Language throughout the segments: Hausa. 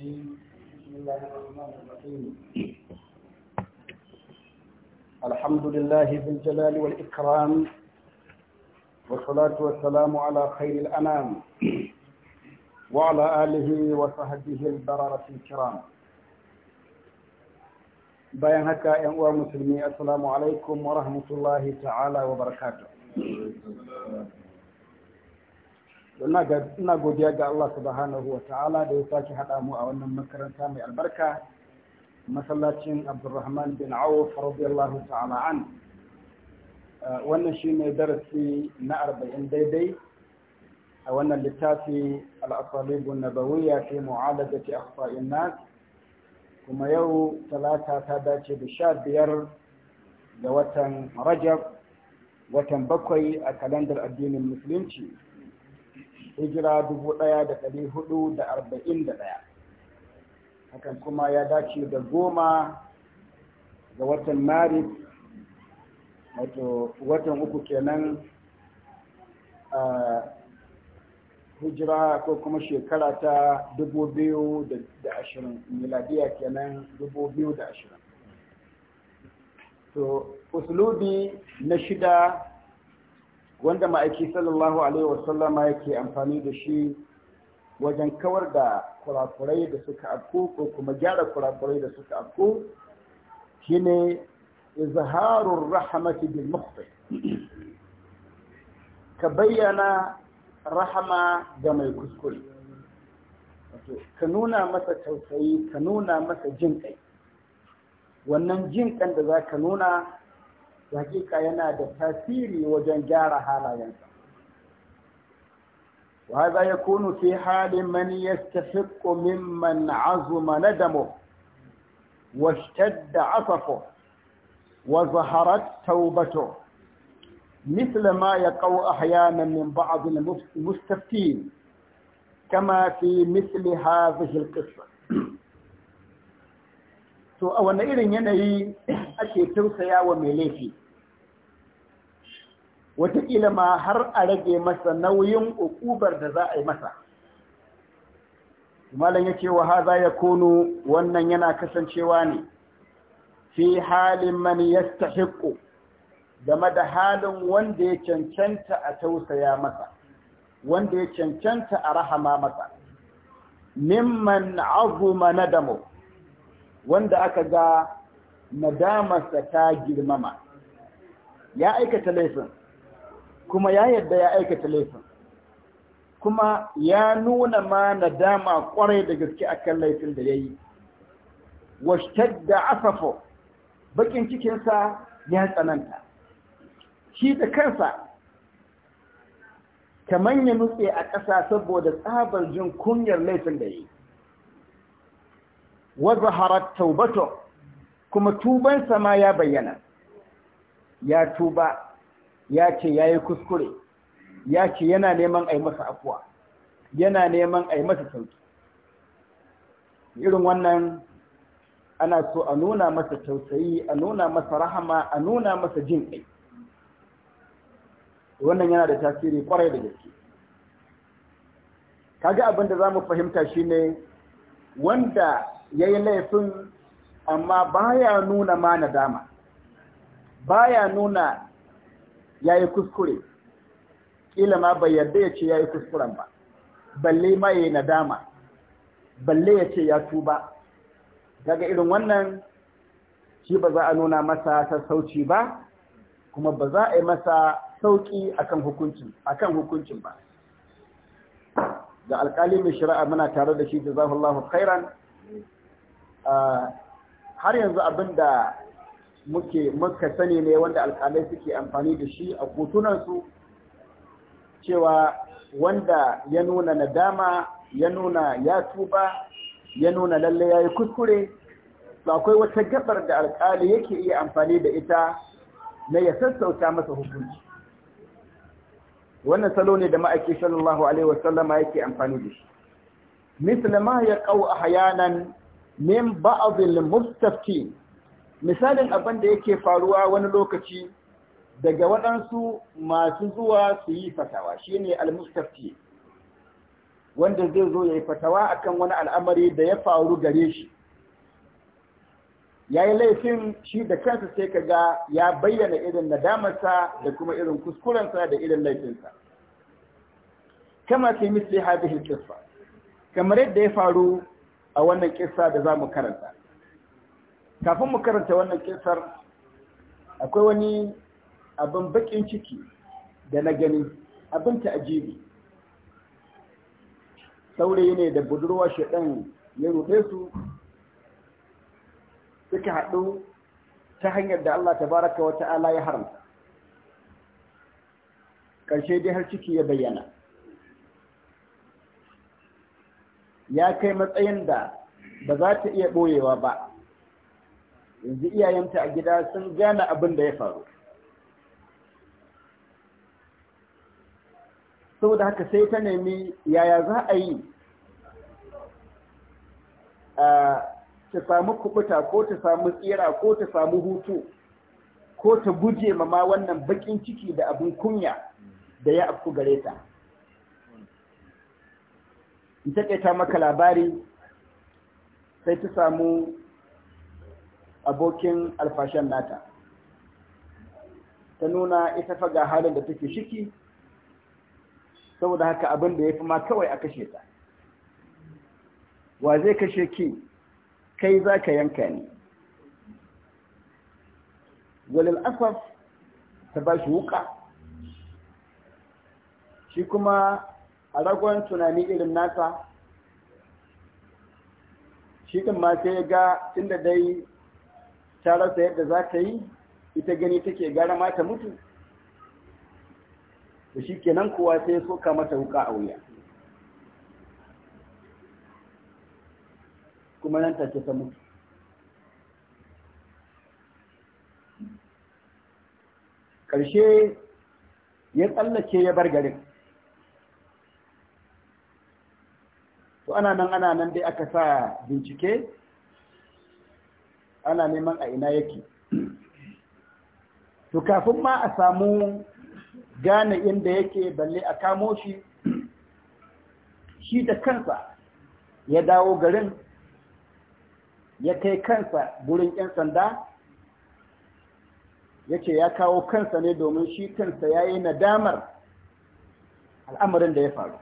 الرجيم بسم الله الرحمن الرحيم الحمد لله ذي الجلال والإكرام والصلاة والسلام على خير الأنام وعلى آله وصحبه البررة الكرام بيان هكا ‘yan مسلمي السلام عليكم ورحمة الله تعالى وبركاته ina godiya ga Allah subhanahu wa ta'ala da ya sake haɗa mu a wannan makaranta mai albarka masallacin Abdulrahman bin Auf radiyallahu ta'ala an eh, wannan shine darasi na arba'in daidai a wannan littafi al na an-nabawiyya fi mu'alajati akhfa'in nas kuma yau talata ta dace da sha biyar ga watan Rajab watan bakwai a kalandar addinin musulunci hijira dubu ɗaya da ɗari hudu da arba'in da ɗaya hakan kuma ya dace da goma ga watan maris wato watan uku kenan a hijira ko kuma shekara ta dubu biyu da ashirin miladiya kenan dubu biyu da ashirin to usulubi na shida wanda ma'aiki sallallahu alaihi wasallama yake amfani da shi wajen kawar da kurakurai da suka afku ko kuma gyara kurakurai da suka afku, shine izharur rahmati bil mukhti ka bayyana rahama ga mai kuskure ka nuna masa tausayi ka nuna masa jin kai wannan jin kan da zaka nuna hakika yana da tasiri wajen gyara halayensa وهذا يكون في حال من يستحق ممن عظم ندمه واشتد عطفه وظهرت توبته مثل ما يقع أحيانا من بعض المستفتين كما في مثل هذه القصة to a wani irin yanayi ake tausaya wa mai laifi wataƙila ma har a rage masa nauyin ukubar da za a yi masa malam ya ce wa za ya kono wannan yana kasancewa ne fi halin man yastahiqqu game da halin wanda ya cancanta a tausaya masa wanda ya cancanta a rahama masa mimman azuma nadamu wanda aka ga nadamarsa ta girmama ya aikata laifin kuma ya yadda ya aikata laifin kuma ya nuna ma nadama kwarai da gaske akan laifin da ya yi da asafo bakin cikinsa ya tsananta shi da kansa kamar ya nutse a ƙasa saboda tsabar jin kunyar laifin da ya yi wa zaharat kuma tubansa ma ya bayyana ya tuba ya ce yayi kuskure ya ce yana neman a yi masa afuwa yana neman a yi masa sauki irin wannan ana so a nuna masa tausayi a nuna masa rahama a nuna masa jin ƙai wannan yana da tasiri kwarai da gaske kaga abin da za mu fahimta shine wanda ya yi laifin amma baya nuna ma nadama baya nuna ya yi kuskure ƙila ma bai yarda ya ce ya yi kuskuren ba balle ma ya yi nadama balle ya ce ya tuba daga irin wannan shi ba za a nuna masa sassauci ba kuma ba za a yi masa sauƙi akan kan akan hukuncin ba da alƙali mai shari'a muna tare da shi jazahullahu khairan har yanzu abin da muke muka sani ne wanda alƙalai suke amfani da shi a kotunansu cewa wanda ya nuna nadama ya nuna ya tuba ya nuna lalle ya yi kuskure akwai wata gabar da alƙalai yake iya amfani da ita na ya sassauta masa hukunci wannan salo ne da ma'aiki sallallahu alaihi wasallama yake amfani da shi misali ya ƙau a hayanan min ba'adil mustafkin misalin abin da yake faruwa wani lokaci daga waɗansu masu zuwa su yi fatawa shine al wanda zai zo ya yi fatawa akan wani al'amari da ya faru gare shi ya yi laifin shi da kansa sai ka ga ya bayyana irin nadamarsa da kuma irin kuskurensa da irin laifinsa kamar fi misli hadhihi qissa kamar yadda ya faru a wannan kissa da za mu karanta kafin mu karanta wannan kissar akwai wani abin bakin ciki da na gani abin ta'ajibi saurayi ne da budurwa shaɗan ya rufe su suka haɗu ta hanyar da Allah Ta baraka wata Ala ya haramta ƙarshe dai har ciki ya bayyana ya kai matsayin da ba za ta iya ɓoyewa ba yanzu iyayenta a gida sun gane abin da ya faru saboda haka sai ta nemi yaya za a yi ta samu kubuta ko ta samu tsira ko ta samu hutu ko ta guje ma wannan bakin ciki da abin kunya da ya afku gare ta in ta maka labari sai ta samu abokin alfashan nata ta nuna ita fa ga halin da take shiki saboda haka abin da ya fi ma kawai a kashe ta wa zai kashe ki kai za ka yanka ni walil asaf ta ba shi shi kuma a ragon tunani irin nasa shi ɗin ma sai ya ga inda dai ta yadda za ta yi ita gani take gara mata mutu da shi kenan kowa sai ya soka mata wuka a wuya kuma nan take ta mutu ƙarshe ya tsallake ya bar garin to ana nan ana nan dai aka sa bincike ana neman a ina yake to kafin ma a samu gane inda yake balle a kamo shi shi da kansa ya dawo garin ya kai kansa gurin 'yan sanda ya ce ya kawo kansa ne domin shi kansa ya yi nadamar al'amarin da ya faru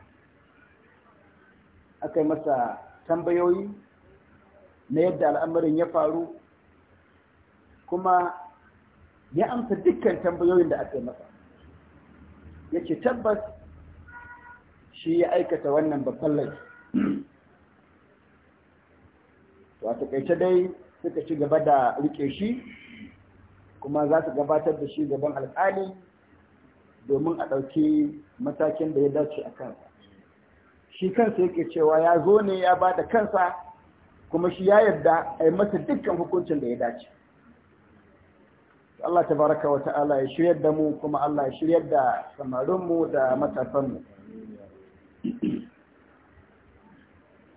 aka masa tambayoyi na yadda al'amarin ya faru kuma ya amsa dukkan tambayoyin da aka masa ya tabbas shi ya aikata wannan babban laifi to a takaice dai suka ci gaba da rike shi kuma za su gabatar da shi gaban alƙali domin a ɗauki matakin da ya dace a kansa shi kansa yake cewa ya zo ne ya ba da kansa kuma shi ya yarda a yi masa dukkan hukuncin da ya dace Allah Ta baraka wa ta'ala ya shirya da mu kuma Allah ya shiryar da samarinmu da matasanmu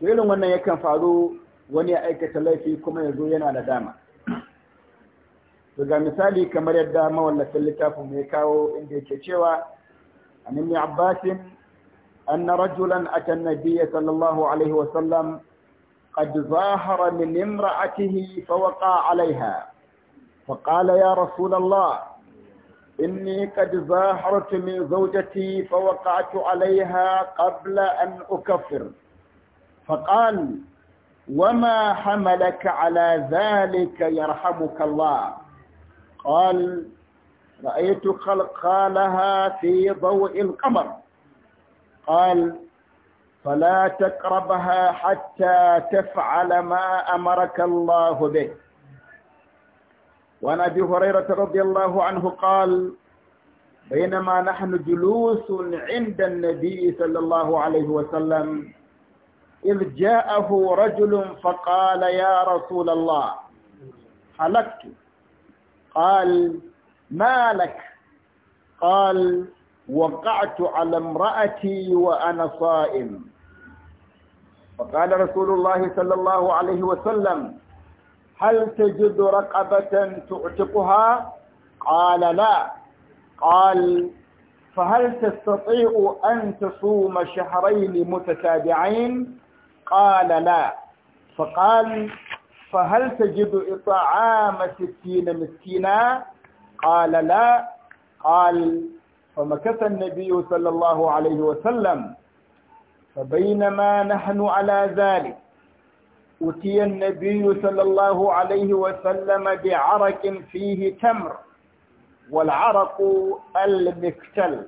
irin wannan yakan faru wani ya aikata laifi kuma ya zo yana da dama ga misali kamar yadda mawallafin littafin ya kawo inda yake cewa an abbasin أن رجلا أتى النبي صلى الله عليه وسلم قد ظاهر من امرأته فوقع عليها فقال يا رسول الله إني قد ظاهرت من زوجتي فوقعت عليها قبل أن أكفر فقال وما حملك على ذلك يرحمك الله قال رأيت خلقها في ضوء القمر قال فلا تقربها حتى تفعل ما أمرك الله به وعن أبي هريرة رضي الله عنه قال بينما نحن جلوس عند النبي صلى الله عليه وسلم إذ جاءه رجل فقال يا رسول الله حلقت قال ما لك قال وقعت على امرأتي وأنا صائم فقال رسول الله صلى الله عليه وسلم هل تجد رقبة تعتقها قال لا قال فهل تستطيع أن تصوم شهرين متتابعين قال لا فقال فهل تجد إطعام ستين مسكينا قال لا قال فمكث النبي صلى الله عليه وسلم فبينما نحن على ذلك أتي النبي صلى الله عليه وسلم بعرق فيه تمر والعرق المكتل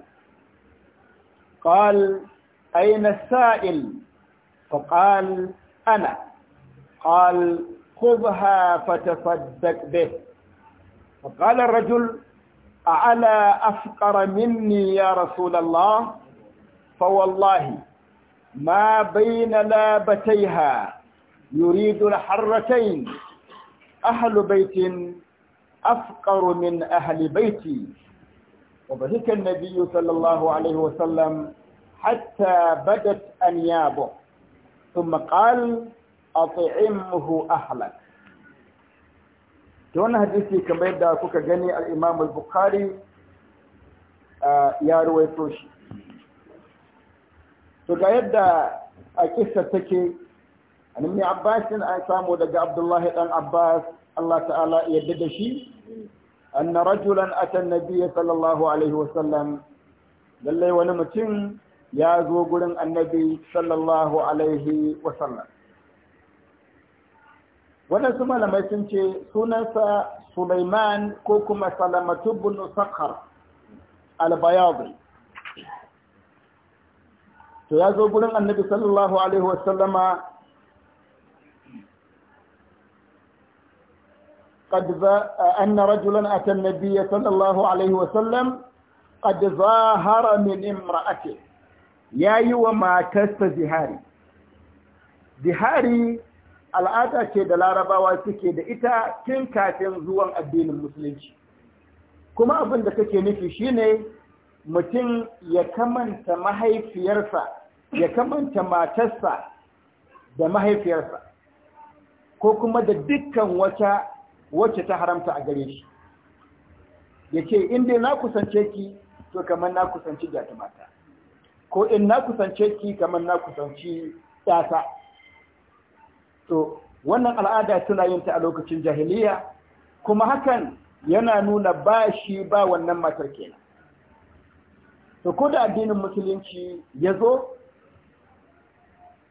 قال أين السائل فقال أنا قال خذها فتصدق به فقال الرجل أعلى أفقر مني يا رسول الله فوالله ما بين لابتيها يريد الحرتين أهل بيت أفقر من أهل بيتي وبهك النبي صلى الله عليه وسلم حتى بدت أنيابه ثم قال أطعمه أهلك ta wani hadisi kamar yadda kuka gani al al-bukhari ya ruwaito shi to ga yadda a kissa take an ibn abbas an samu daga abdullahi dan abbas Allah ta'ala yadda da shi anna rajulan ata an-nabiy sallallahu alaihi wa sallam lalle wani mutum ya zo gurin annabi sallallahu alaihi wa sallam waɗansu malamai sun ce sunansa Sulaiman ko kuma Salamatu bin Sakhar al to ya zo gurin Annabi sallallahu alaihi wasallama قد أن رجلا أتى النبي صلى الله عليه وسلم قد ظاهر من امرأته يا يوم ما زهاري زهاري al'ada ce da larabawa suke da ita tun kafin zuwan addinin musulunci kuma abin da kake nufi shine mutum ya kamanta mahaifiyarsa ya kamanta matarsa da mahaifiyarsa ko kuma da dukkan wata wacce ta haramta a gare shi ya ce inda na kusance ki to kamar na kusanci mata ko in na kusance ki kamar na kusanci ɗata to wannan al'ada tana yin ta a lokacin jahiliya kuma hakan yana nuna ba shi ba wannan matar kenan to ko da addinin musulunci ya zo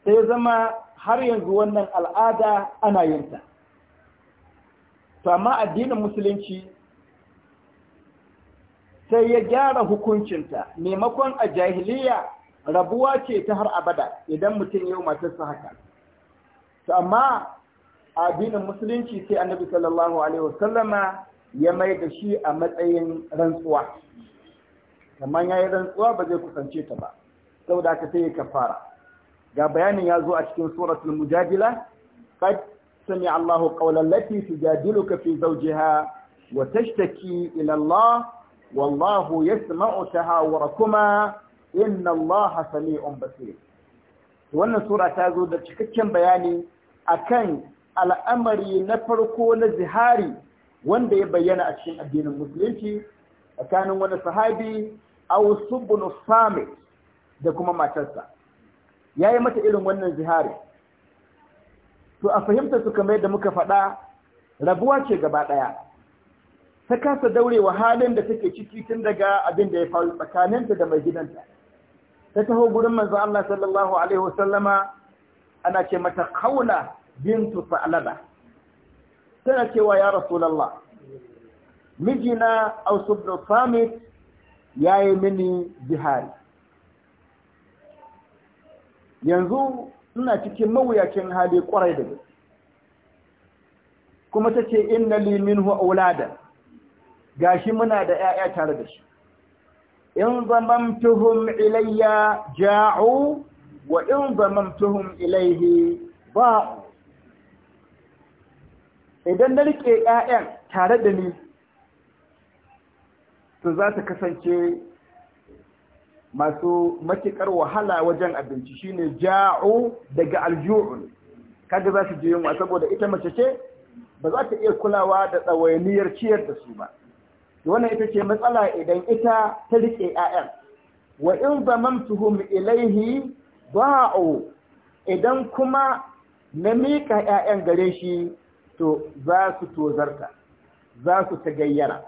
sai zama har yanzu wannan al'ada ana yin ta to amma addinin musulunci sai ya gyara hukuncinta maimakon a jahiliya rabuwa ce ta har abada idan mutum yau matarsa haka to amma addinin musulunci sai annabi sallallahu alaihi wasallama ya mai da shi a matsayin rantsuwa kamar ya yi rantsuwa ba zai kusance ta ba saboda aka sai kafara ga bayanin ya zo a cikin suratul mujadila qad sami Allahu qawlan lati tujadiluka fi zawjiha wa tashtaki ila Allah wallahu yasma'u tahawurakuma inna Allah sami'un basir wannan sura ta zo da cikakken bayani akan al'amari na farko na zihari wanda ya bayyana a cikin addinin musulunci tsakanin wani sahabi Ausu bin Samit da kuma matarsa Ya yi mata irin wannan zihari to a fahimta su kamar yadda muka faɗa rabuwa ce gaba ɗaya ta kasa daurewa halin da take ciki tun daga abin da ya faru tsakaninta da mai gidanta ta taho gurin manzo Allah sallallahu alaihi wasallama ana ce mata kaula bintu sa'laba tana cewa ya rasulullah mijina ausu ibn ya yayi mini jihari yanzu ina cikin mawuyacin hali kwarai da gaske kuma tace inna li minhu aulada gashi muna da 'ya'ya tare da shi in tuhum ilayya ja'u wa in zamamtuhum ilaihi ba idan na rike ƴaƴan tare da ni to za kasance masu matuƙar wahala wajen abinci shine ja'u daga alju'un kaga za su je yunwa saboda ita mace ce ba za ta iya kulawa da tsawainiyar ciyar da su ba wannan ita ce matsala idan ita ta rike 'ya'yan wa in zamamtuhum ilaihi Ba'o idan kuma na mika ‘ya'yan gare shi to za su tozarta za su ta gayyara.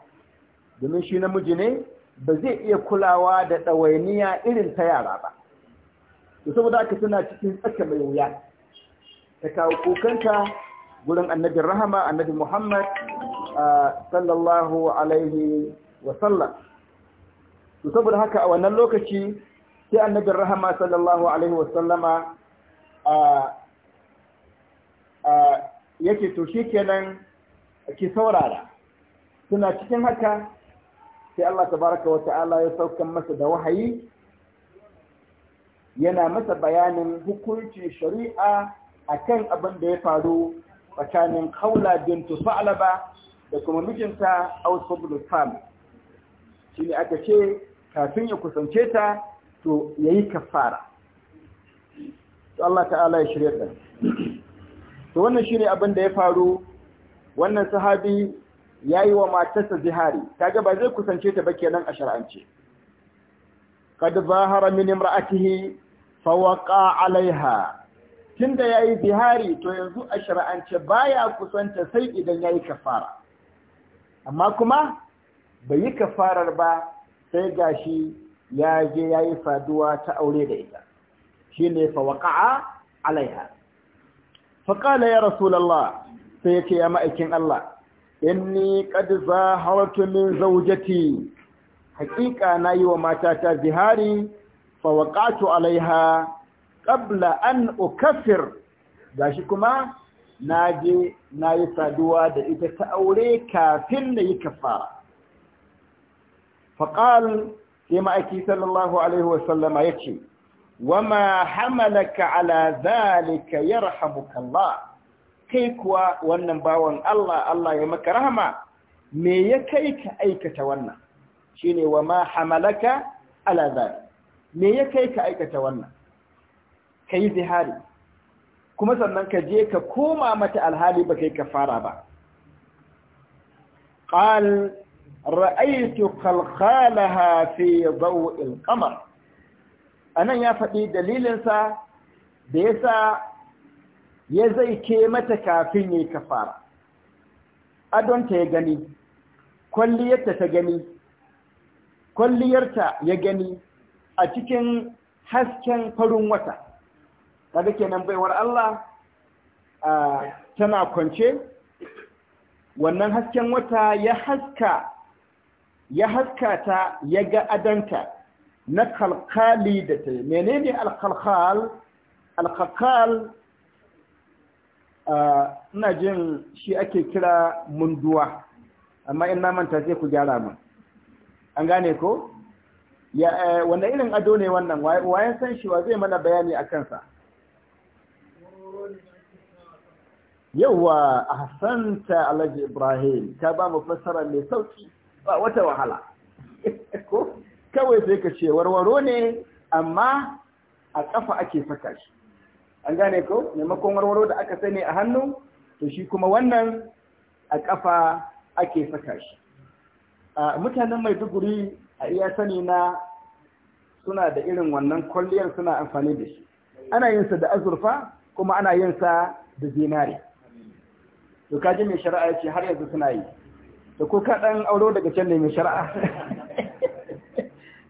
domin shi namiji ne ba zai iya kulawa da ɗawainiya irin ta yara ba to saboda aka suna cikin tsaka mai wuya ta kawo kokanta gurin annabi rahama annabi muhammad sallallahu alaihi wasallam to saboda haka a wannan lokaci sai annabin rahama sallallahu alaihi wasallama yake to shi kenan ki saurara suna cikin haka sai Allah tabaraka wa ta'ala ya saukan masa da wahayi yana masa bayanin hukuncin shari'a akan abin da ya faru tsakanin kaula bintu fa'laba da kuma mijinta Aus ibn Sam shine aka ce kafin ya kusance ta to yayi kafara to Allah ta'ala ya shirya da to wannan shine abin da ya faru wannan sahabi yayi wa matarsa zihari kaga ba zai kusance ta ba kenan a shar'ance kad zahara min imra'atihi fawaqa 'alayha tunda yayi zihari to yanzu a shar'ance baya kusanta sai idan yayi kafara amma kuma bai yi kafarar ba sai gashi ya je ya yi faduwa ta aure da ita shi ne fawaka'a alaiha faƙala ya rasulallah sai ya ce ya ma'aikin Allah inni qad zahartu min zawjati haƙiƙa na yi wa matata zihari fawaƙatu alaiha qabla an ukaffir gashi kuma na je na yi faduwa da ita ta aure kafin da yi kafara faƙal sai ma'aiki sallallahu alaihi wasallama ya ce wama hamalaka ala zalika yarhamuka Allah kai kuwa wannan bawan Allah Allah ya maka rahama me ya kai ka aikata wannan shine wama hamalaka ala zalika me ya kai ka aikata wannan kai zihari kuma sannan ka je ka koma mata alhali ba kai ka fara ba qal ra'aitu kalkhalaha fi daw'il qamar anan ya faɗi dalilinsa da yasa ya zai ke mata kafin yayi kafara adonta ya gani kwalliyarta ta gani kwalliyarta ya gani a cikin hasken farin wata kaga kenan baiwar Allah tana kwance wannan hasken wata ya haska ya haskata ya ga adanta na kalkali da ta menene alkalkal alkalkal ina jin shi ake kira munduwa amma in manta sai ku gyara min an gane ko ya eh, wanda irin ado ne wannan wayan san shi wa zai mana bayani a kansa yawwa ahsanta alhaji ibrahim ta ba mu fassara mai sauki ba wata wahala ko kawai sai ka ce warwaro ne amma a ƙafa ake saka shi an gane ko maimakon warwaro da aka sani a hannu to shi kuma wannan a ƙafa ake saka shi mutanen maiduguri a iya sani na suna da irin wannan kwalliyar suna amfani da shi ana yin sa da azurfa kuma ana yin sa da zinari to kaji mai shari'a ya ce har yanzu suna yi da ko ka ɗan auro daga can ne mai shari'a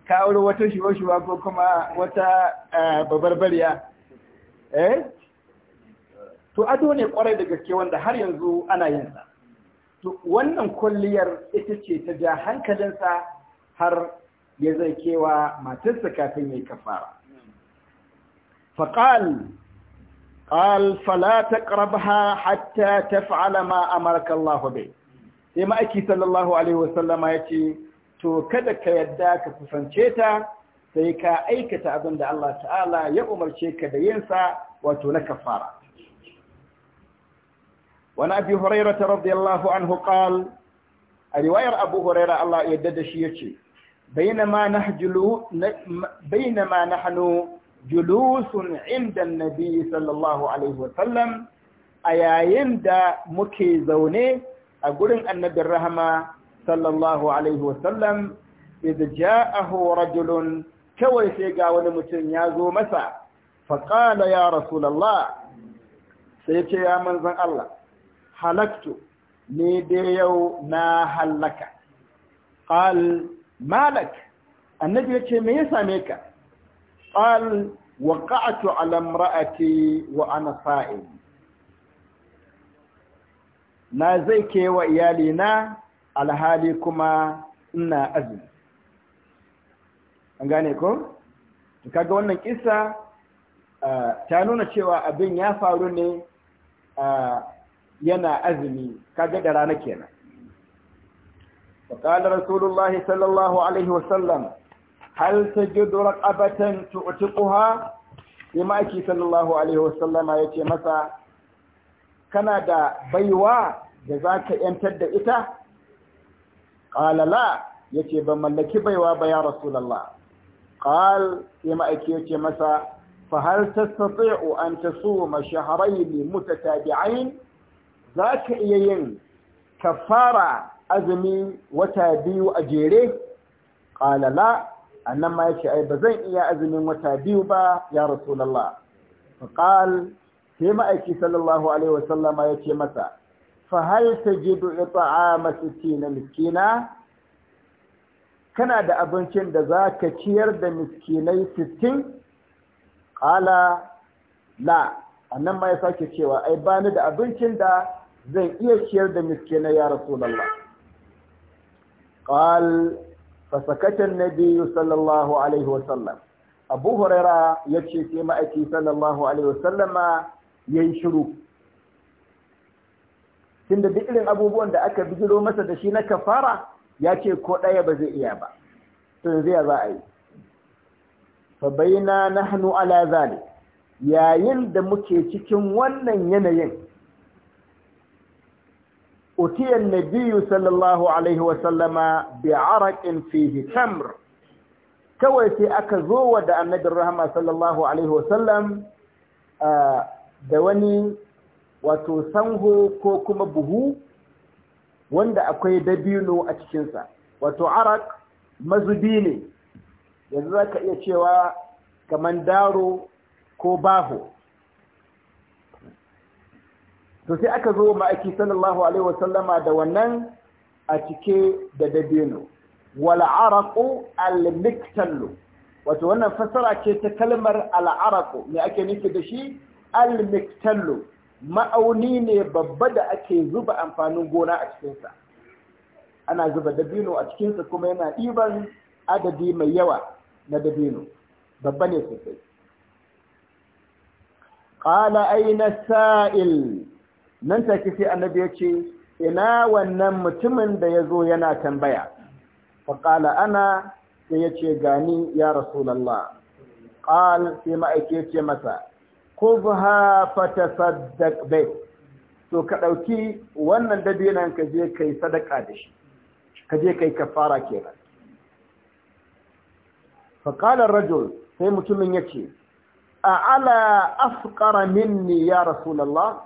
ka auro wata shiwa-shiwa ko kuma wata eh, babarbariya eh to ado ne kwarai da gaske wanda har yanzu ana yin sa to wannan kulliyar ita ce ta ja hankalinsa har ya zai kewa matarsa kafin yayi kafara faqal قال فلا تقربها ta تفعل ma a الله به sai ma'aiki sallallahu alaihi wasallama ya ce to kada ka yadda ka kusance ta sai ka aikata abin da Allah ta'ala ya umarce ka da yinsa wato na kafara wani abi huraira ta radiyallahu anhu qal a riwayar abu huraira Allah ya yadda da shi yace bainama na bainama julusun inda nabi sallallahu alaihi wasallam a yayin da muke zaune a gurin annabin rahama sallallahu alaihi wasallam idza ja'ahu rajulun kawai sai ga wani mutum ya zo masa faqala ya rasulullah sai ce ya manzon Allah halaktu ni da yau na halaka qal malak annabi yace me ya same ka qal waqa'tu ala imra'ati wa ana sa'im na zai kewa iyalina alhali kuma ina azumi an gane ko? kaga wannan kisa ta nuna cewa abin ya faru ne yana azumi kaga da rana kenan وقال رسول الله صلى الله عليه وسلم هل تجد رقبة تعتقها لما sallallahu صلى الله عليه وسلم يتي مسا كان دا بيوا da za ka ‘yantar da ita? Ƙalala ya ce, ba mallaki baiwa ba ya Rasulallah. Ƙal ya ma'aiki ya ce masa, Fahar ta safi'u an ta su mashaharai ne ta tabi'ain, za ka iya yin fara azumi wata biyu a jere? Ƙalala, annan ma ya ce, Ai, ba zan iya azumin wata biyu ba ya Rasulallah. Ƙal, sai ma'aiki sallallahu Alaihi wasallama ya ce masa, fahal tajidu it'ama sittina miskina kana da abincin da za ka ciyar da miskinai sittin ƙala la A nan ma ya sake cewa ai bani da abincin da zan iya ciyar da miskinai ya rasulallah ƙal fasakatan biyu sallallahu alaihi wasallam abu huraira ya ce sai ma'aiki sallallahu alaihi wasallama ya yi shiru da duk irin abubuwan da aka bigiro masa da shi na kafara ya ce ko ɗaya ba zai iya ba to yanzu ya za a yi fa bayyana na hannu ala zali yayin da muke cikin wannan yanayin utiyan na biyu sallallahu alaihi wasallama bi arakin fihi tamr kawai sai aka zo wa da annabin rahama sallallahu alaihi sallam ah, da wani wato sanho ko kuma buhu wanda akwai dabino a cikinsa wato arak mazubi ne yanzu za ka iya cewa kamar daro ko baho to sai aka zo ma'aiki sallallahu alaihi wasallama da wannan a cike da dabino wal'araku al-miktallu wato wannan fasara ce ta kalmar al'araku me ake nufi da shi al-miktallu ma'auni ne babba da ake zuba amfanin gona a cikinsa ana zuba dabino a cikinsa kuma yana ɗiban adadi mai yawa na dabino babba ne sosai ƙala aina sa'il nan take sai annabi ya ce ina wannan mutumin da ya zo yana tambaya faƙala ana sai ya ce gani ya rasulallah ƙal sai ma'aike ce masa Ko khudha fatasaddaq bai to ka ɗauki wannan dabinan ka je kai sadaka da shi ka je kai kafara kenan fa qala ar-rajul sai mutumin ce, a ala afqara minni ya rasulullah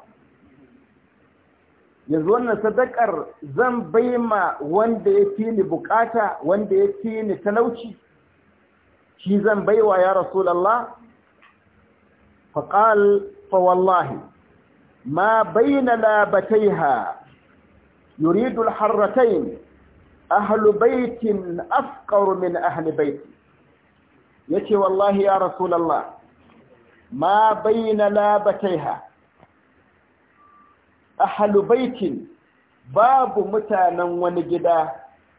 yanzu wannan sadakar zan baima wanda ya fi ni bukata wanda ya fi ni talauci shi zan baiwa ya rasulallah فقال فوالله ما بين لابتيها يريد الحرتين أهل بيت أفقر من أهل بيت يتي والله يا رسول الله ما بين لابتيها أهل بيت باب متانا ونجدا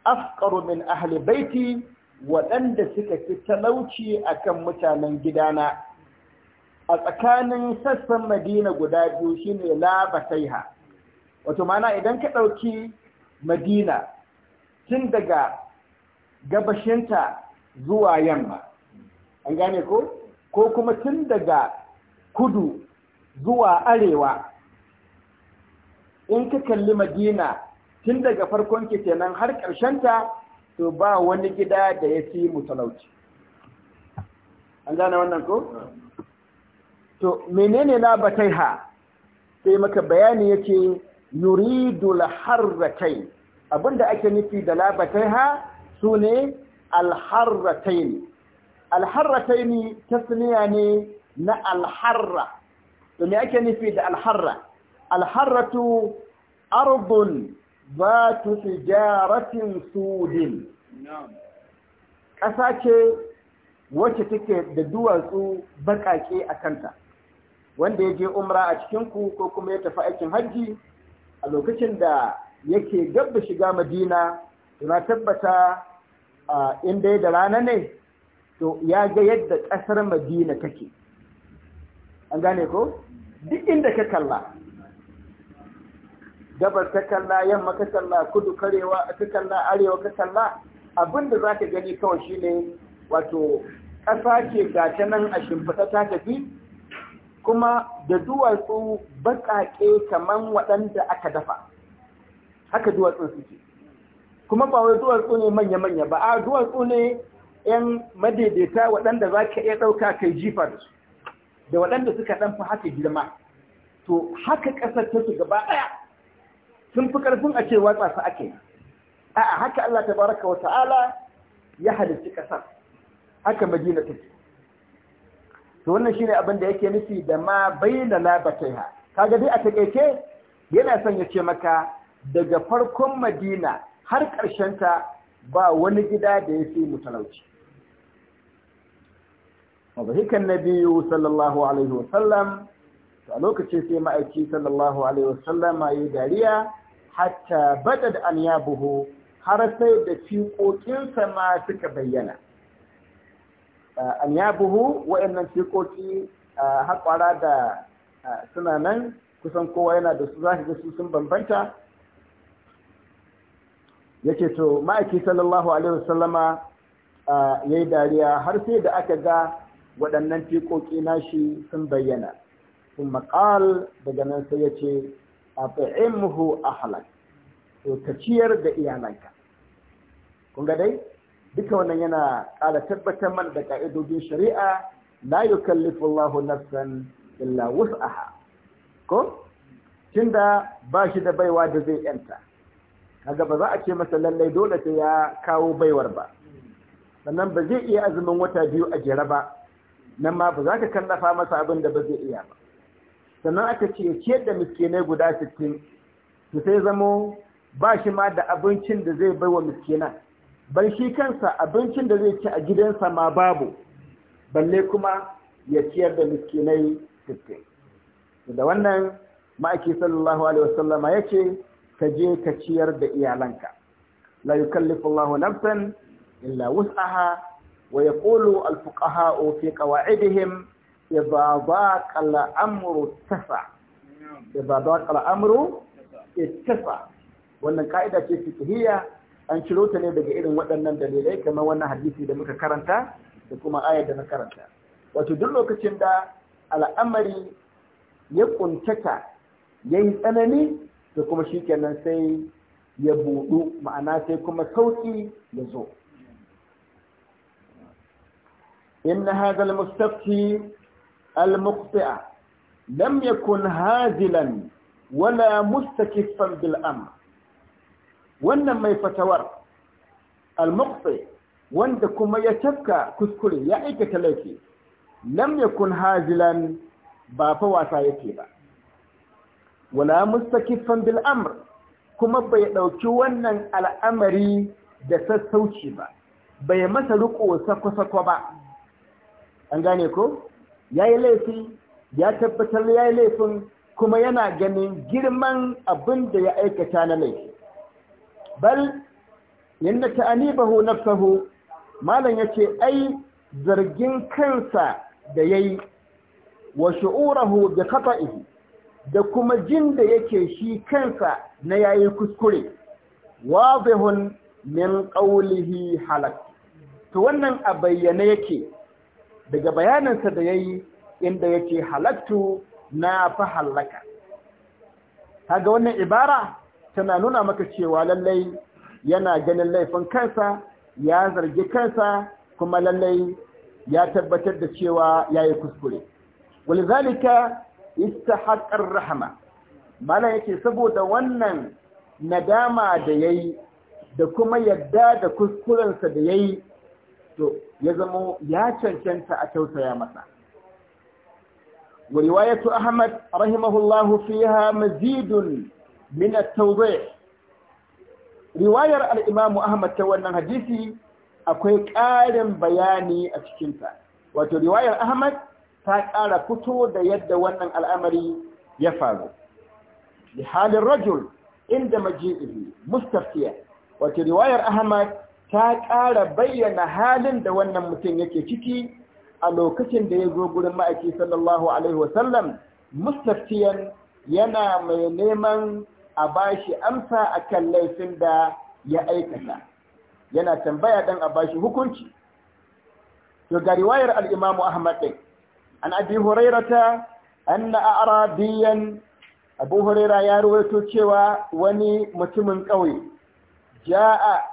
أفقر من أهل بيتي waɗanda suka fi أكم متانا جدانا a tsakanin sassan madina guda biyu shine labataiha wato mana idan ka ɗauki madina tun daga gabashinta zuwa yamma an gane ko ko kuma tun daga kudu zuwa arewa in ka kalli madina tun daga farkon kenan har ƙarshenta to ba wani gida da ya fi mu an gane wannan ko to menene na ha? sai maka bayani yake yuridu laharratain abinda ake nufi da la bataiha sune alharratain alharratain tasniya ne na alharra to me ake nufi da alharra alharratu tu zatu tijaratin sudin ƙasa ce wacce take da duwatsu baƙaƙe a kanta wanda ya je umra a cikinku ko kuma ya tafi aikin hajji a lokacin da yake gabba shiga madina na tabbata in dai da rana ne to ya ga yadda ƙasar madina take an gane ko duk inda ka kalla gabar ka kalla yamma ka kalla kudu karewa ka kalla arewa ka kalla abin da za ka gani kawai shine wato ƙasa ce ga ta nan a shimfiɗa ta tafi kuma da duwatsu baƙaƙe kamar waɗanda aka dafa haka duwatsu suke kuma ba wai duwatsu ne manya-manya ba a duwatsu ne 'yan madaidaita waɗanda za ka iya ɗauka kai jifa da su da waɗanda suka ɗanfa haka girma to haka ƙasar ta su gaba ɗaya sun fi ƙarfin a ce watsa su ake a'a haka Allah ta baraka wa ta'ala ya halitta ƙasar haka madina take to wannan shine abin da yake nufi da ma bayyana labataiha kaga dai a takeice yana son ya ce maka daga farkon Madina har ƙarshen ta ba wani gida da ya fi mutalauci na biyu sallallahu alaihi wasallam a lokacin sai ma'aiki sallallahu alaihi wasallam yi dariya hatta badad an yabuhu har sai da fiƙoƙinsa ma suka bayyana an ya buhu wa'annan fiƙoƙi haƙwara da suna nan kusan kowa yana da su za ga su sun bambanta yake to ma'aiki sallallahu alaihi wasallama ya yi dariya har sai da aka ga waɗannan fiƙoƙi nashi sun bayyana sun maƙal daga nan sai ya ce a ta'imhu ahlak to ka da iyalanka kun ga dai duka wannan yana ƙara tabbatar mana da ƙa'idodin shari'a la yukallifu Allahu nafsan illa wus'aha ko tunda ba shi da baiwa da zai yanta kaga ba za a ce masa lallai dole sai ya kawo baiwar ba sannan ba zai iya azumin wata biyu a jere ba nan ma ba za ka kallafa masa abin da ba zai iya ba sannan aka ce ya ciyar da miskinai guda sittin to sai zamo ba shi ma da abincin da zai baiwa wa miskinan bal shi kansa abincin da zai ci a gidansa ma babu balle kuma ya ciyar da miskinai sittin da wannan ma'aiki sallallahu alaihi wasallama ya ce ka je ka ciyar da iyalanka la yukallifu Allahu nafsan illa wus'aha wa yaqulu al-fuqaha'u fi qawa'idihim daqa al-amru tasa idza daqa al-amru ittasa wannan ka'ida ce fiqhiyya an ciro ta ne daga irin waɗannan dalilai kamar wannan hadisi da muka karanta da kuma ayar da na karanta wato duk lokacin da al'amari ya ƙuntata ya yi tsanani da kuma shi kenan sai ya buɗu ma'ana sai kuma sauƙi ya zo in na al-mustafti al-muqti'a lam yakun hazilan wala mustakifan bil amr wannan mai fatawar al-muqti wanda kuma ya tafka kuskure ya aikata laifi lam yakun hazilan ba fa wasa yake ba wala mustakifan bil amr kuma bai dauki wannan al'amari da sassauci ba bai masa riko sako-sako ba an gane ko yayi laifi ya tabbatar yayi laifin kuma yana ganin girman abin da ya aikata na laifi bal yanda ta'anibahu nafsahu malam yace ai zargin kansa da yayi wa shu'uruhu bi khata'ihi da kuma jin da yake shi kansa na yayi kuskure wadihun min qawlihi halak to wannan a bayyane yake daga bayaninsa da yayi inda yake halaktu na fa halaka kaga wannan ibara tana nuna maka cewa lallai yana ganin laifin kansa ya zargi kansa kuma lallai ya tabbatar da cewa ya yi kuskure walzalika haƙar rahama malam yake saboda wannan nadama da ya yi, da kuma yadda da kuskurensa da ya yi, to ya zamo ya cancanta a tausaya masa ورواية ahmad رحمه الله فيها مزيد min at-tawdi' riwayar al-Imam Ahmad ta wannan hadisi akwai ƙarin bayani a cikin ta wato riwayar Ahmad ta ƙara fito da yadda wannan al'amari ya faru li halin rajul inda maji'ihi mustafiya wato riwayar Ahmad ta ƙara bayyana halin da wannan mutum yake ciki a lokacin da ya zo gurin ma'aiki sallallahu alaihi wasallam mustafiyan yana mai neman a ba shi amsa a kan laifin da ya aikata yana tambaya dan a bashi hukunci to ga riwayar al-Imam Ahmad din an Abi Hurairata anna arabiyan Abu Huraira ya rawaito cewa wani mutumin kauye ja'a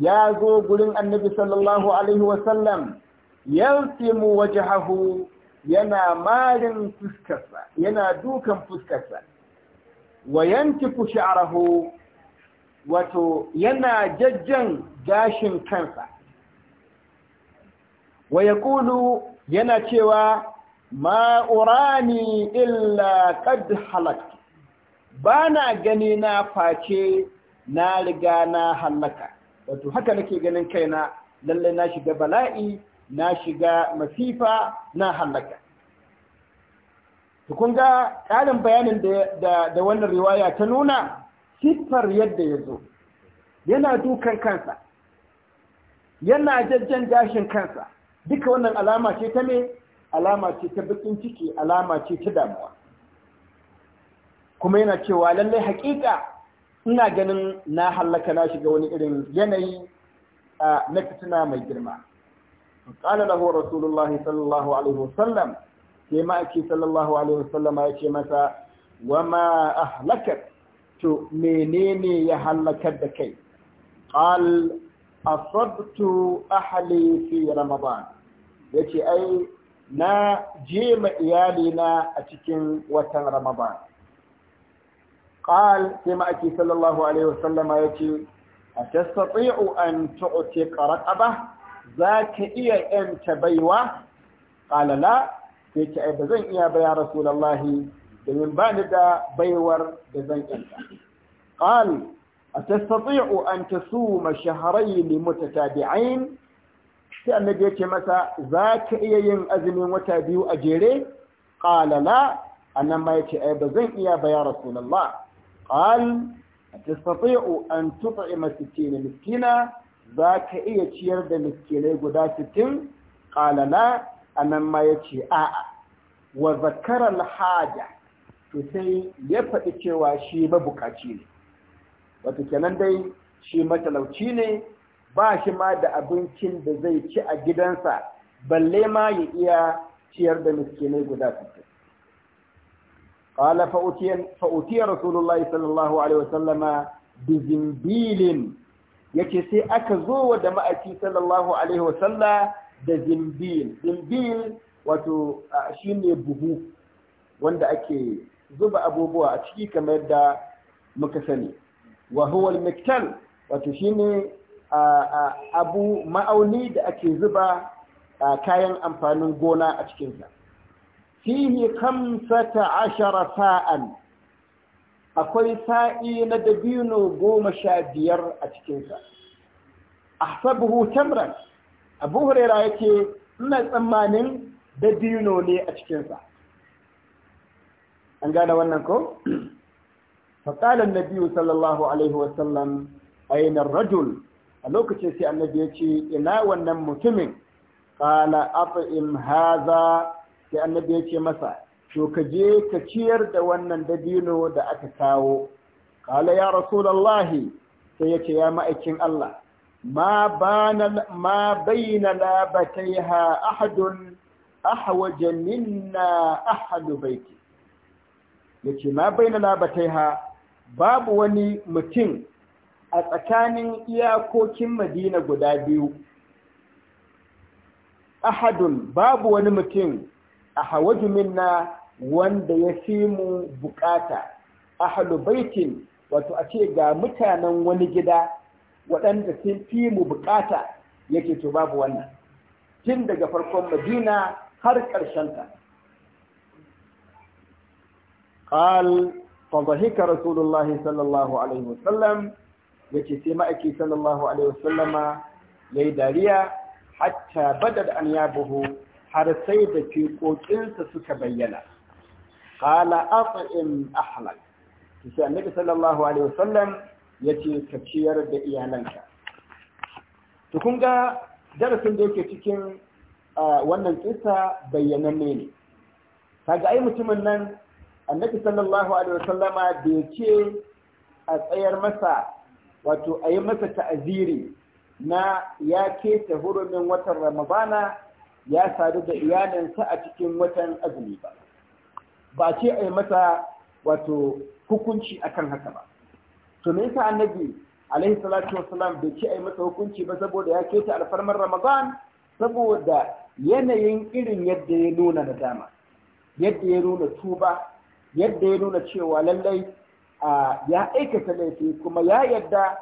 ya zo gurin Annabi sallallahu alaihi sallam yaltimu wajhahu yana marin fuskarsa yana dukan fuskarsa wa yantiku sha'rahu wato yana jajjan gashin kansa wa yaqulu yana cewa ma urani illa qad Ba bana gani na face na riga na halaka wato haka nake ganin kaina lalle na shiga bala'i na shiga masifa na halaka to kun ga ƙarin bayanin da wannan riwaya ta nuna siffar yadda ya zo yana dukan kansa yana jajjen gashin kansa duka wannan alama ce ta me alama ce ta bikin ciki alama ce ta damuwa kuma yana cewa lallai haƙiƙa ina ganin na hallaka na shiga wani irin yanayi na fitina mai girma qala lahu rasulullahi sallallahu alaihi wasallam sai ma'aiki sallallahu alaihi wasallama ya ce masa wa ma ahlakar to menene ya halakar da kai qal asabtu ahli fi ramadan ce ai na jema iyalina a cikin watan ramadan qal sai ma'aiki sallallahu alaihi wasallama yace atastati'u an tu'tiqa raqaba zaka iya yanta baiwa qala la sai ce ai ba zan iya ba ya rasulullahi domin ba ni da baiwar da zan yanta qal atastati'u an tasuma shahrayn mutatabi'ain sai annabi ya ce masa za ka iya yin azumin wata biyu a jere qala la annan ma yace ai ba zan iya ba ya rasulallah. qal atastati'u an tut'ima 60 miskina za ka iya ciyar da miskinai guda sittin. qala la anan ma yace a'a wa zakara al to sai ya faɗi cewa shi buƙaci ne wato kenan dai shi matalauci ne ba shi ma da abincin da zai ci a gidansa balle ma ya iya ciyar da miskinai guda sittin Ƙala fa utiya sallallahu alaihi wasallama bi zimbilin yace sai aka zo wa da ma'aiki sallallahu alaihi wasalla da zimbil zimbil wato shine buhu wanda ake zuba abubuwa a ciki kamar da muka sani wa huwa miktal wato shine abu ma'auni da ake zuba kayan amfanin gona a cikinsa fihi kamsata ashara sa'an akwai sa'i na dabino goma sha biyar a cikinsa ahsabuhu tamran abu huraira ya ce ina tsammanin da dino ne a cikinsa an gane wannan ko faƙalar na biyu sallallahu alaihi wasallam a yanar rajul a lokacin sai annabi ya ce ina wannan mutumin ƙala afa'im haza sai annabi ya ce masa to ka je ka ciyar da wannan dabino da aka kawo ƙala ya rasulallahi sai ya ce ya ma'aikin Allah Ma بان ما بين لابتيها أحد أحوج منا yace ma baina labataiha babu wani mutum a tsakanin iyakokin Madina guda biyu ahadun babu wani mutum a minna wanda ya fi mu bukata ahlu baitin wato a ce ga mutanen wani gida waɗanda sun fi mu bukata yake to babu wannan tun daga farkon madina har ƙarshen ta qal fa dhahika rasulullahi sallallahu alaihi wasallam yace sai ma'aiki sallallahu alaihi wasallama yayi dariya hatta badad an yabuhu har sai da fiƙoƙinsa suka bayyana qala at'im ahlak sai annabi sallallahu alaihi wasallam ya ce ka ciyar da iyalanka Tukun ga darasin da yake cikin wannan kisa bayyananne ne kaga ai mutumin nan annabi sallallahu alaihi wasallama da ya ce a tsayar masa wato a yi masa ta'aziri na ya keta hurumin watan ramadana ya sadu da iyalinsa a cikin watan azumi ba ba ce a yi masa wato hukunci akan haka ba to me yasa annabi alaihi salatu wasalam bai ci ai masa hukunci ba saboda ya keta alfarmar ramadan saboda yanayin irin yadda ya nuna nadama yadda ya nuna tuba yadda ya nuna cewa lallai ya aikata laifi kuma ya yadda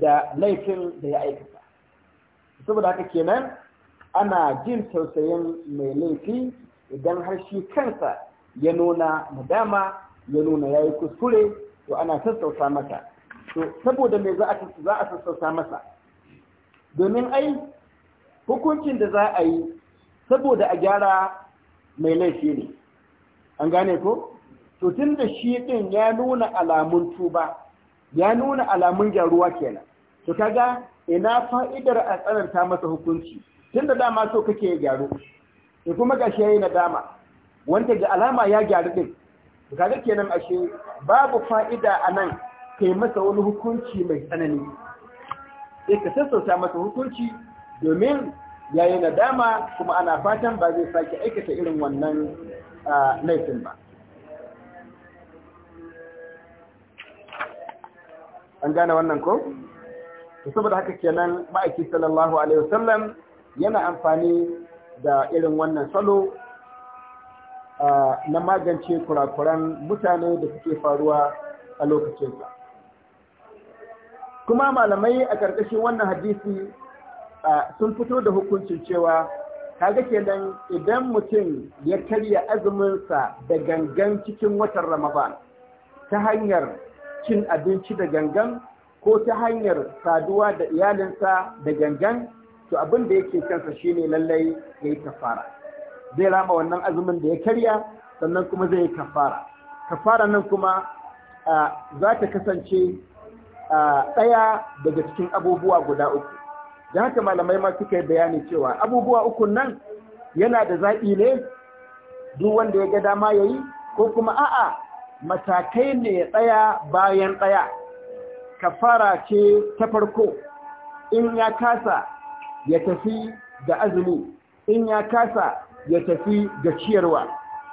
da laifin da ya aikata saboda haka kenan ana jin tausayin mai laifi idan har shi kansa ya nuna nadama ya nuna ya yi kuskure to ana sassauta mata to saboda me za a sassauta masa domin ai hukuncin da za a yi saboda a gyara mai laifi ne an gane ko to tun da shi ɗin ya nuna alamun tuba ya nuna alamun gyaruwa kenan to kaga ina fa'idar a tsananta masa hukunci tun da dama so kake ya gyaru da kuma gashi yayi nadama wanda ga alama ya gyaru din kaga kenan ashe babu fa'ida a nan kai masa wani hukunci mai tsanani sai ka sassauta masa hukunci domin ya yi nadama kuma ana fatan ba zai sake aikata irin wannan laifin ba an gane wannan ko? saboda haka kenan ma'aiki sallallahu alaihi wasallam yana amfani da irin wannan salo na magance kurakuran mutane da suke faruwa a lokacinsa kuma malamai a ƙarƙashin wannan hadisi sun fito da hukuncin cewa kaga kenan idan mutum ya karya azuminsa da gangan cikin watan ramadan ta hanyar cin abinci da gangan ko ta hanyar saduwa da iyalinsa da gangan to abin da yake kansa shine lallai ya yi kafara zai rama wannan azumin da ya karya sannan kuma zai yi kafara kafara nan kuma za ta kasance ɗaya daga cikin abubuwa guda uku da haka malamai ma suka yi bayani cewa abubuwa uku nan yana da zaɓi ne duk wanda ya ga dama ya yi ko kuma a'a matakai ne ɗaya bayan ɗaya kafara ce ta farko in ya kasa ya tafi da azumi in ya kasa ya tafi ga ciyarwa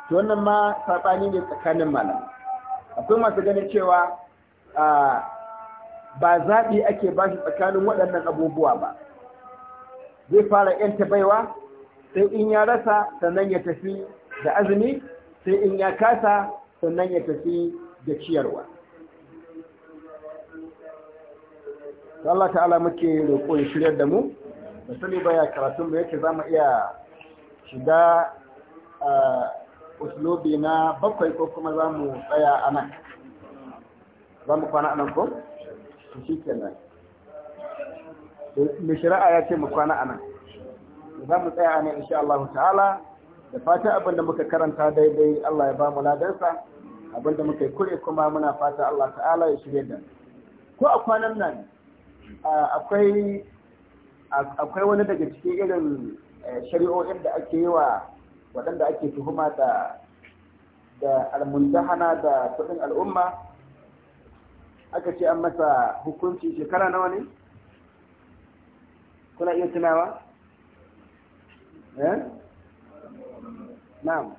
to wannan ma saɓani ne tsakanin malamai akwai masu ganin cewa ba zaɓi ake ba shi tsakanin waɗannan abubuwa ba zai fara yanta baiwa sai in ya rasa sannan ya tafi da azumi sai in ya kasa sannan ya tafi da ciyarwa Allah ta'ala muke roƙo ya shiryar da mu musali baya karatun da yake zamu iya shiga uslubi na bakwai ko kuma mu tsaya a nan zamu kwana a nan ko shi mai shari'a ya ce mu kwana anan za mu tsaya anan insha Allah ta'ala da fata abinda muka karanta daidai Allah ya ba mu ladarsa abinda muka yi kure kuma muna fata Allah ta'ala ya shirye da ko a kwanan nan akwai wani daga cikin irin eh, shari'o'in da ake yi wa waɗanda ake tuhuma da da almundahana da kuɗin al'umma aka ce an masa hukunci shekara nawa ne kuna iya tunawa eh na'am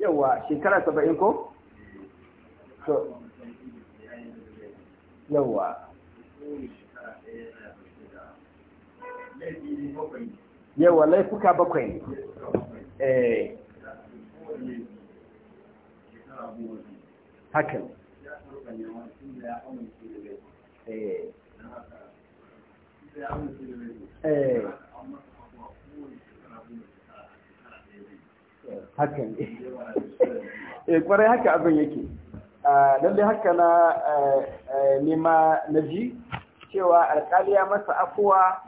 yawa shekara saba'in ko to yawa yawa laifuka bakwai ne eh haka haka ne eh. Eh, eh, kwarai haka abin yake ah, lallai haka na nema na ji cewa alkali ya masa afuwa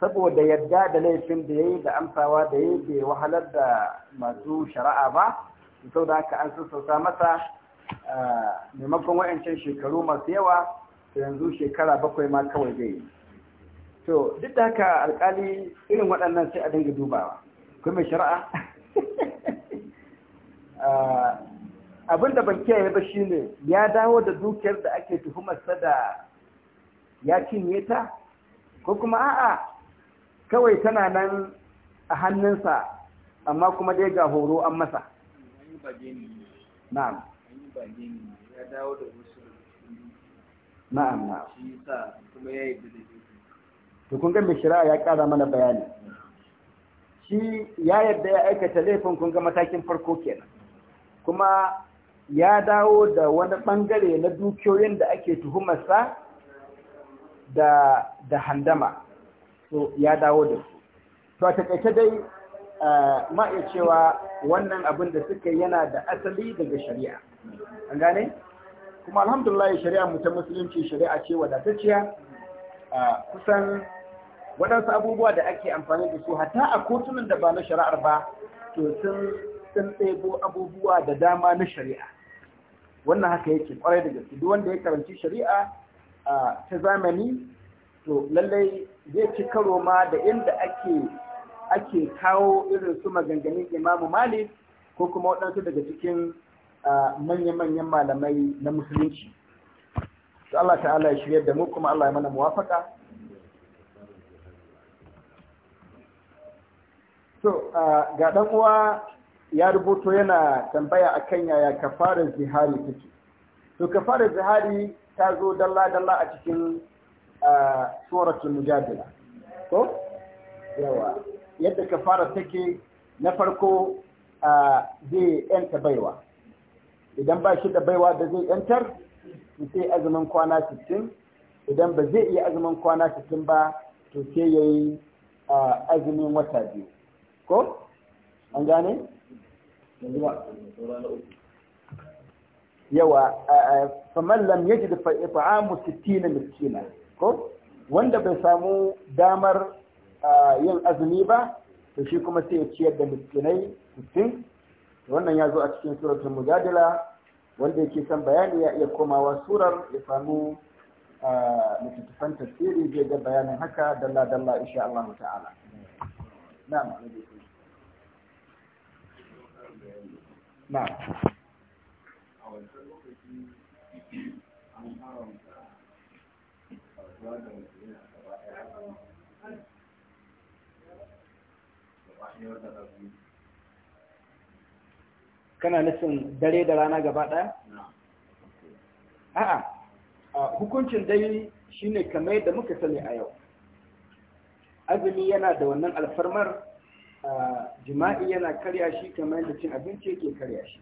saboda yadda da laifin da ya yi da amsawa da ya yi bai wahalar da masu shari'a ba sau da haka an sassauta masa maimakon wa'ancan shekaru masu yawa yanzu shekara bakwai ma kawai zai yi to duk da haka alkali irin waɗannan sai a dinga dubawa kuma mai shari'a abin da ban kiyaye ba shine ya dawo da dukiyar da ake tuhumarsa da ya cinye ta ko kuma a'a kawai tana nan a hannunsa amma kuma dai ga horo an masa na'am bage ne ya dawo da wasu na'am shi kuma ya da to kun ga ya kara mana bayani shi ya yarda ya aikata laifin kun ga matakin farko kenan kuma ya dawo da wani bangare na dukiyoyin da ake tuhumarsa da da handama to ya dawo da su to a takaice dai eh, ma'a cewa wannan abin da suka yana da asali daga shari'a an gane kuma alhamdulillah shari'a mu ta musulunci shari'a ce wadatacciya a kusan waɗansu abubuwa da ake amfani da su hatta a kotunan da ba na shari'ar ba to sun sun ɗebo abubuwa da dama na shari'a wannan haka yake kwarai da gaske duk wanda ya karanci shari'a a ta zamani to lallai zai ci karo ma da inda ake ake kawo irin su maganganun imamu malik ko kuma waɗansu daga cikin manya-manyan malamai na musulunci to Allah ta'ala ya shirya da mu kuma Allah ya mana muwafaka so ga dan uwa ya rubuto yana tambaya a kan yaya kafarar zihari take to kafarar zihari ta zo dalla-dalla a cikin tsoratun mujadila ko yawa yadda kafara take na farko zai yanta baiwa idan ba shi da baiwa da zai yantar sai azumin kwana 60 idan ba zai iya azumin kwana 60 ba to sai ya yi azumin wata biyu ko an gane yawa faman lam yajid fa it'amu 60 miskina ko wanda bai samu damar yin azumi ba to shi kuma sai ya ciyar da miskinai 60 wannan ya zo a cikin suratul mujadila wanda yake san bayani ya iya komawa surar ya samu littattafan tasiri zai ga bayanin haka dalla dalla insha Allah ta'ala na'am na'am Thank you. kana nufin dare da rana gaba ɗaya? A'a, hukuncin dai shi ne kamar yadda muka sani a yau. Azumi yana da wannan alfarmar jima'i yana karya shi kamar da cin abinci yake karya shi.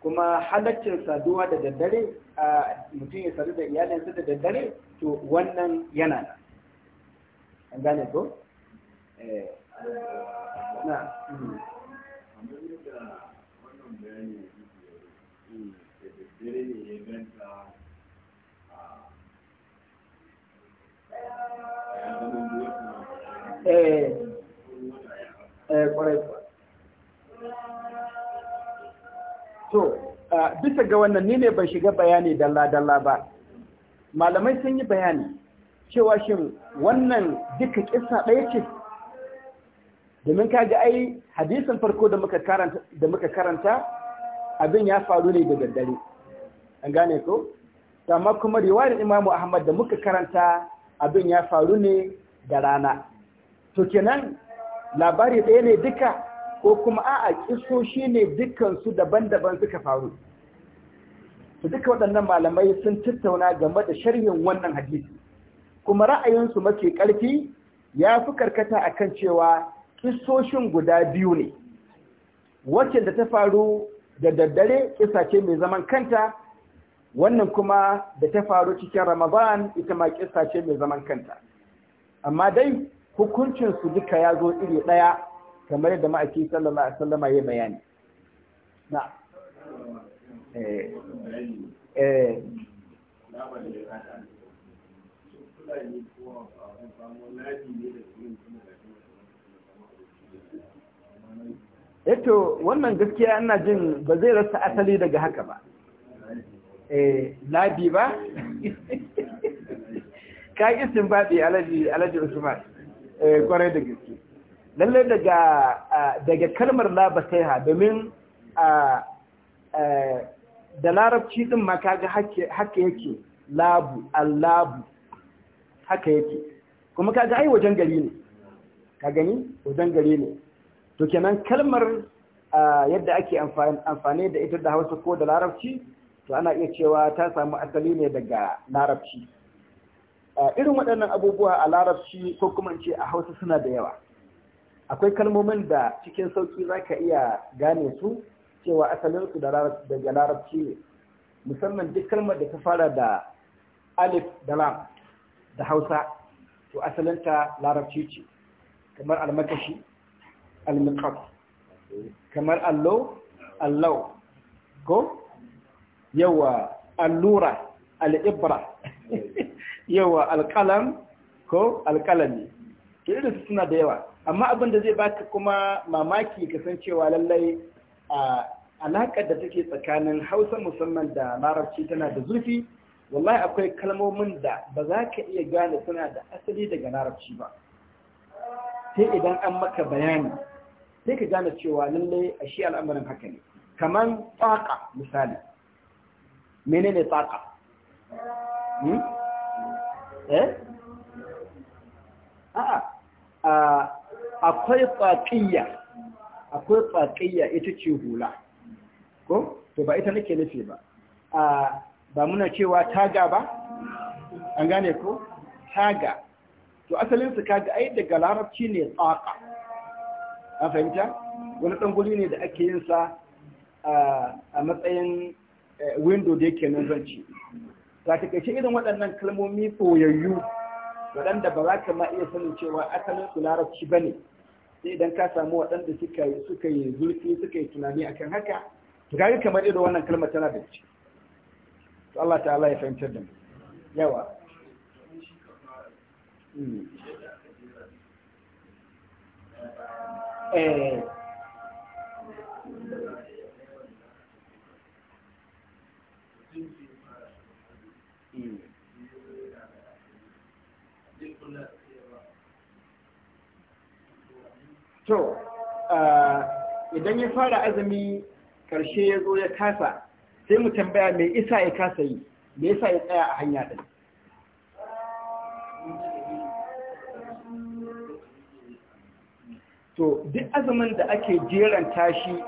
Kuma halaccin saduwa da daddare, mutum ya sadu da iyalinsa da daddare, to wannan yana na. An gane ko? Eh, na. Hmm. dare eh. eh, bisa ga wannan ni ne ban shiga bayani dalla-dalla ba malamai sun yi bayani cewa shin wannan duka kisa ɗaya ce domin kaga ai hadisin farko da muka karanta abin ya faru ne da daddare an gane ko amma kuma riwayar imamu Ahmad da muka karanta abin ya faru ne da rana to kenan labari ɗaya ne duka ko kuma a'a kisoshi ne dukkansu daban-daban suka faru to duka waɗannan malamai sun tattauna game da sharhin wannan hadisi kuma ra'ayinsu mafi ƙarfi ya fi karkata akan cewa kisoshin guda biyu ne wacce da ta faru da daddare kisa ce mai zaman kanta wannan kuma da ta faru cikin Ramadan ita ma kissa ce mai zaman kanta amma dai hukuncinsu duka ya zo iri ɗaya kamar yadda ma'aiki sallallahu alaihi wasallama ya bayani na eh eh Eto eh wannan gaskiya ina jin ba zai rasa asali daga haka ba. Eh, labi ba ka yi isin baɗi alaji usman eh, kwarai da gaske lalle daga kalmar ha domin da larabci ɗin ma kaga haka yake labu allabu haka yake kuma kaga ai wajen gari ne ka gani wajen gari ne to kenan kalmar yadda ake amfani da ita da hausa ko da larabci to ana iya cewa ta samu asali ne daga larabci irin waɗannan abubuwa a larabci ko kuma ce a hausa suna da yawa akwai kalmomin da cikin sauƙi za ka iya gane su cewa asalinsu daga larabci ne musamman duk kalmar da ta fara da alif da lam da hausa to asalinta larabci ce kamar almakashi almikas kamar allo allau ko yawa allura al'ibra yawa alƙalam ko alƙalami to irin su suna da yawa amma abin da zai baka kuma mamaki kasancewa lallai a alaƙar da take tsakanin hausa musamman da larabci tana da zurfi wallahi akwai kalmomin da ba za ka iya gane suna da asali daga larabci ba sai idan an maka bayani sai ka gane cewa lallai a shi al'amarin haka ne kamar tsaka misali menene hmm eh a akwai faqiyya akwai faqiyya ita ce hula ko to ba ita nake nufi ba ba muna cewa taga ba an gane ko taga to asalin su kaga ai daga larabci ne tsaka an fahimta wani dan guri ne da ake yin sa a matsayin Eh, window da yake nan zanci ga takaice irin waɗannan kalmomi ɓoyayyu waɗanda ba za ka ma iya sanin cewa asalin su larabci ba ne sai idan ka samu waɗanda suka yi zurfi suka yi tunani akan haka to ga kamar irin wannan kalmar tana da ci to Allah ta'ala ya fahimtar da mu yawa hmm. eh to idan ya fara azumi karshe ya zo ya kasa sai mu tambaya mai isa ya kasa yi mai isa ya tsaya a hanya ɗin to duk azumin da ake jeran tashi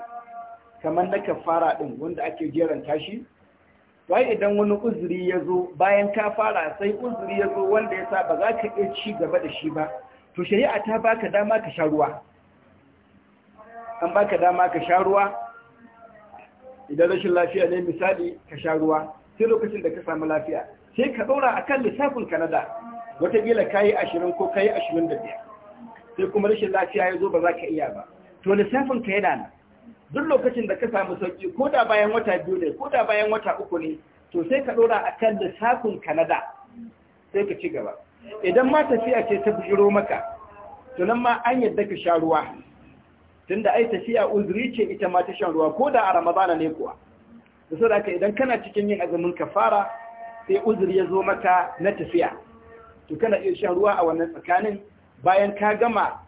kamar na kafara ɗin wanda ake jeran tashi wai idan wani uzuri ya zo bayan ka fara sai uzuri ya zo wanda ya sa ba za ka iya ci gaba da shi ba to shari'a ta baka dama ka sha ruwa an baka dama ka sha ruwa idan rashin lafiya ne misali ka sha ruwa sai lokacin da ka samu lafiya sai ka ɗora a kan lissafin kanada watakila ka yi ashirin ko ka yi ashirin da biyar sai kuma rashin lafiya ya zo ba za ka iya ba to lissafin ka yana nan duk lokacin da ka samu sauki ko da bayan wata biyu ne ko da bayan wata uku ne to sai ka ɗora a kan lissafin kanada sai ka ci gaba idan ma tafiya ce ta bujiro maka to nan ma an yadda ka sha ruwa tunda ai tafiya uzuri ce ita ma ta shan ruwa ko da a ramadana ne kuwa da so da idan kana cikin yin azumin kafara sai uzuri ya zo maka na tafiya to kana iya shan ruwa a wannan tsakanin bayan ka gama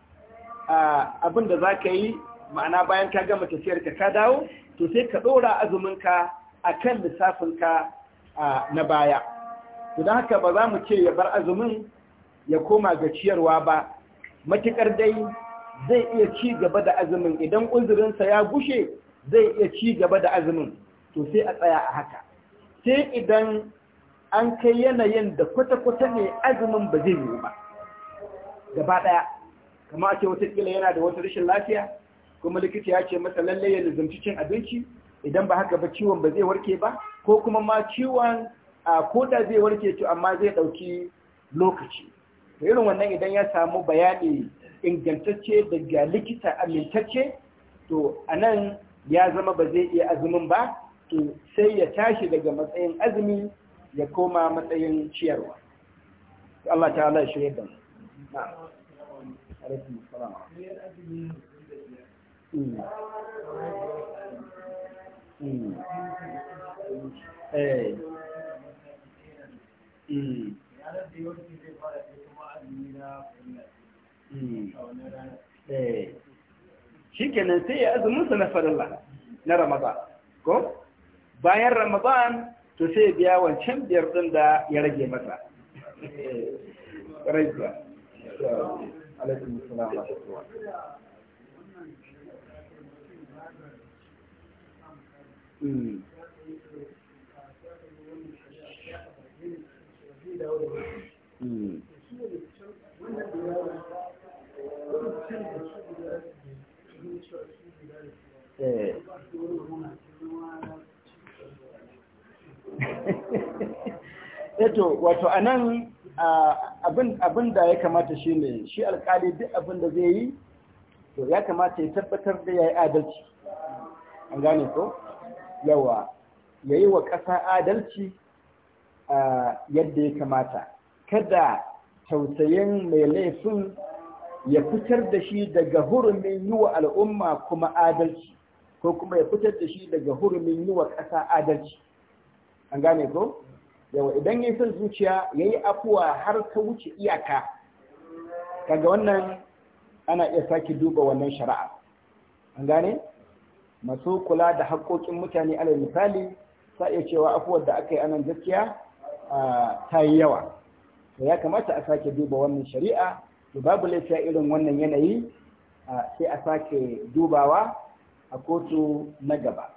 abin da za ka yi ma'ana bayan ka gama tafiyarka ka dawo to sai ka ɗora azuminka a kan lissafinka na baya to don haka ba za mu ce ya bar azumin ya koma ga ciyarwa ba matuƙar dai zai iya ci gaba da azumin idan uzurinsa ya gushe zai iya ci gaba da azumin to sai a tsaya a haka sai idan an kai yanayin da kwata-kwata ne azumin ba zai yi ba gaba ɗaya kama ake watakila yana da wata rashin lafiya kuma likita ya ce masa lallai ya nizamci cin abinci idan ba haka ba ciwon ba zai warke ba ko kuma ma ciwon a koda zai warke to amma zai ɗauki lokaci irin wannan idan ya samu bayani ingantacce daga likita amintacce to a nan ya zama ba zai iya azumin ba to sai ya tashi daga matsayin azumi ya koma matsayin ciyarwa Allah ta'ala ya shirya da mu eh. hmm. Hmm. Hmm. Eh. shi kenan sai ya azuminsa na farilla na ramadan ko bayan ramadan to sai biya wancan biyar ɗin da ya rage masa Mm. Eh. eto wato a nan abin da ya kamata shi ne shi alkali duk abin da zai yi to ya kamata ya tabbatar da ya yi adalci an gane ko yawa ya yi wa ƙasa adalci yadda ya kamata kada tausayin mai laifin ya fitar da shi daga hurumin yi wa al'umma kuma adalci ko kuma ya fitar da shi daga hurumin yi wa ƙasa adalci an gane ko yawa idan yi son zuciya ya yi afuwa har ta wuce iyaka kaga wannan ana iya sake duba wannan shari'a an gane masu kula da haƙoƙin mutane ala misali sa iya cewa afuwar da aka yi anan gaskiya ta yi yawa to ya kamata a sake duba wannan shari'a to babu laifi irin wannan yanayi sai a sake dubawa a kotu na gaba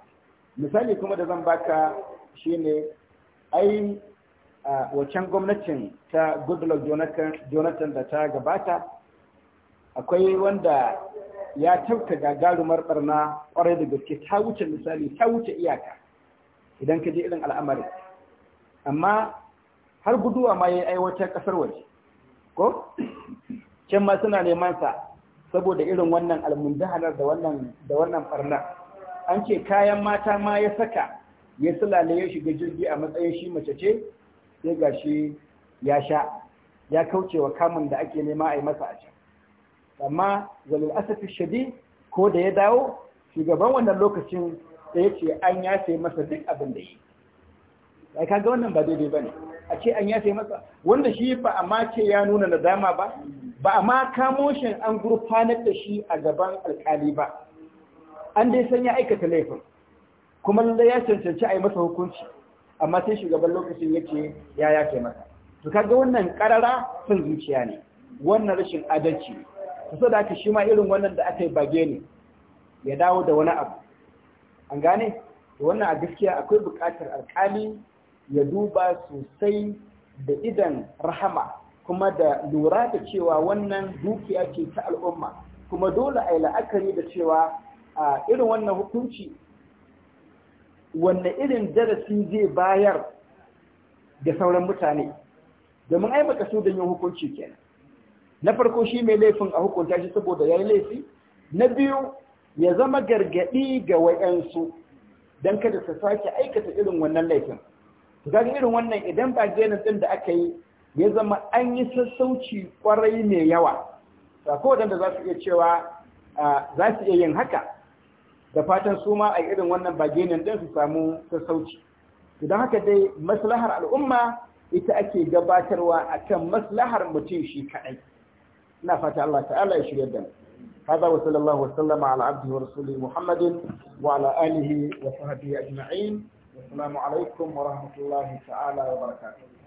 misali kuma da zan baka shine ai wacan gwamnatin ta goodluck jonathan da ta gabata akwai wanda ya tauka gagarumar barna kwarai da gaske ta wuce misali ta wuce iyaka idan ka je irin al'amarin amma har guduwa ma ya yi aiwatar ƙasar waje ko can ma suna neman sa saboda irin wannan almundahanar da wannan da wannan farna an ce kayan mata ma ya saka ya sulale ya shiga jirgi a matsayin shi mace ce sai gashi ya sha ya kaucewa kamun da ake nema a yi masa a can amma zalil asafi shadi ko da ya dawo shugaban wannan lokacin da ya ce an yafe masa duk abin da yi ya kaga wannan ba daidai ba ne a ce an yafe masa wanda shi ba amma ce ya nuna nadama ba ba a ma kamo shi an gurfanar da shi a gaban alkali ba an dai san ya aikata laifin kuma lallai ya cancanci a yi masa hukunci amma sai shugaban lokacin ya ce ya yake masa to kaga wannan karara sun zuciya ne wannan rashin adalci ne kusa da aka shi ma irin wannan da aka yi bage ne ya dawo da wani abu an gane wannan a gaskiya akwai buƙatar alkali ya duba sosai da idan rahama kuma da lura da cewa wannan dukiya ce ta al'umma kuma dole a yi la'akari da cewa a irin wannan hukunci wanne irin darasi zai bayar da sauran mutane domin ai baka so da yin hukunci kenan na farko shi mai laifin a hukunta shi saboda yayi laifi na biyu ya zama gargadi ga wayansu don kada su sake aikata irin wannan laifin to irin wannan idan ba genin din da aka yi ya zama an yi sassauci kwarai mai yawa sako da za su iya cewa za su iya yin haka da fatan su ma a irin wannan bagenin din su samu sassauci idan haka dai maslahar al'umma ita ake gabatarwa akan maslahar mutum shi kaɗai ina fata Allah ta'ala ya shirya da mu هذا وصلى الله وسلم على عبده ورسوله محمد وعلى اله وصحبه اجمعين والسلام عليكم ورحمه الله تعالى وبركاته